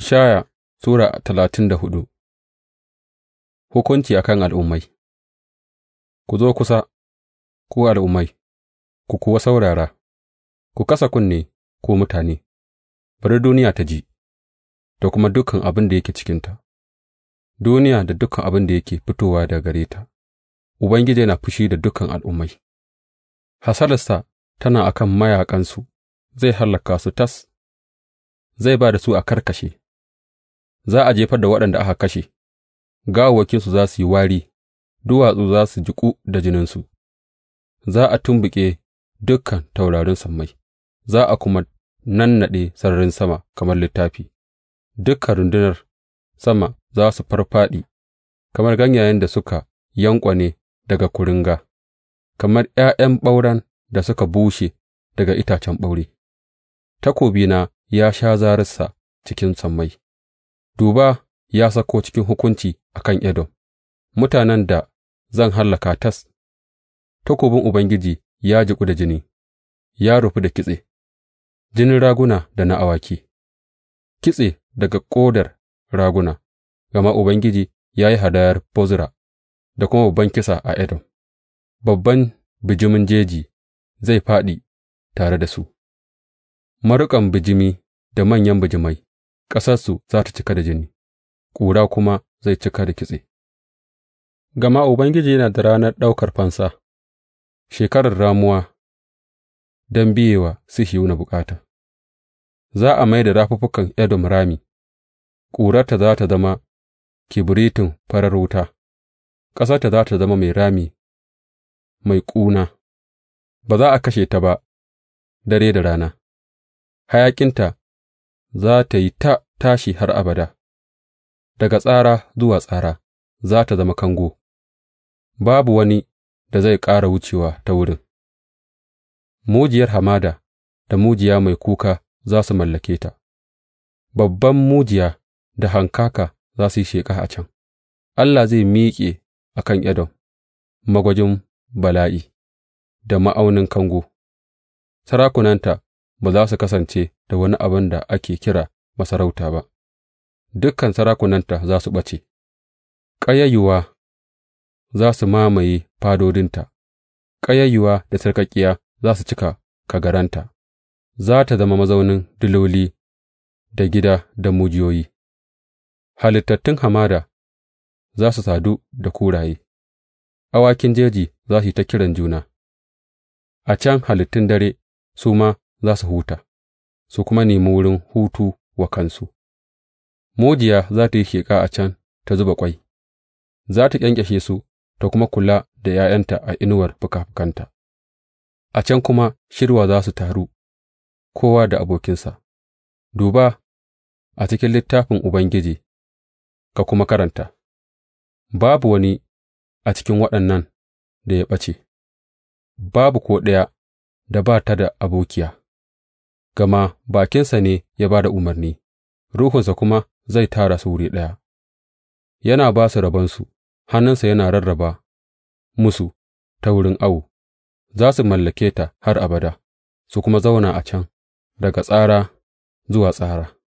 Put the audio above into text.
Ishaya Sura talatin da hudu Hukunci a kan al'ummai Ku zo kusa, ku al'ummai, ku kuwa saurara, ku kasa kunne, ku mutane, bari duniya ta ji, da kuma dukan abin da yake cikinta, duniya da dukan abin da yake fitowa da gare ta, Ubangiji yana fushi da dukan al'ummai, hasalarsa tana a kan mayaƙansu, zai hallaka su tas, zai ba da su a karkashe. za a jefar da waɗanda aka kashe, gawawwakinsu za su yi wari, duwatsu za su jiƙu da jininsu, za a tumbuƙe dukan taurarin sammai, za a kuma nannaɗe sararin sama kamar littafi, dukan rundunar sama za su farfaɗi kamar ganyayen da suka yankwane daga kuringa, kamar ’ya'yan ɓauren da suka bushe daga itacen ɓaure, takobina ya sha zararsa cikin sammai. Duba, ya sako cikin hukunci a kan Edom, mutanen da zan hallaka tas; takobin Ubangiji ya jiƙu da jini, ya rufu da kitse, jinin raguna da na awaki, kitse daga ƙodar raguna, gama Ubangiji ya yi hadayar Bozra da kuma babban kisa a Edom, babban bijimin jeji zai faɗi tare da su, maruƙan bijimi da manyan bijimai. ƙasarsu za tă cika da jini, ƙura kuma zai cika da kitse. Gama Ubangiji yana da ranar ɗaukar fansa, shekarar ramuwa don biye wa na bukata. Za a mai da rafuffukan Edom rami, ƙurarta za ta zama kibritin farar wuta, ƙasarta za ta zama mai rami mai ƙuna, ba za a kashe ta ba dare da rana, hayaƙinta za tă yi ta tashi har abada, daga tsara zuwa tsara za tă zama kango, babu wani da zai ƙara wucewa ta wurin. Mujiyar hamada da mujiya mai kuka za su mallake ta, babban mujiya da hankaka za su yi sheƙa a can, Allah zai miƙe a kan Edom, magwajin bala'i da ma'aunin kango, sarakunanta ba za su kasance da wani abin da ake kira masarauta ba, dukan sarakunanta za su ɓace, ƙayayyuwa za su mamaye fadodinta, ƙayayyuwa da sarƙaƙƙiya za su cika kagaranta, za ta zama mazaunin diloli da gida da mujiyoyi, halittattun hamada za su sadu da kuraye, awakin jeji za su yi ta kiran juna, a can halittun dare su ma za su huta su kuma nemi wurin hutu wa kansu, mujiya za tă yi sheƙa a can ta zuba ƙwai, za tă ƙyanƙyashe su ta kuma kula da ’ya'yanta a inuwar fuka-fukanta, a can kuma shirwa za su taru, kowa da abokinsa, duba a cikin littafin Ubangiji ka kuma karanta, babu wani a cikin waɗannan da ya ɓace, babu ko ɗaya da ba ta da abokiya. gama bakinsa ne ya ba da umarni, ruhunsa kuma zai tara su wuri ɗaya; yana ba su rabonsu, hannunsa yana rarraba musu ta wurin awo, za su mallake ta har abada su kuma zauna a can daga tsara zuwa tsara.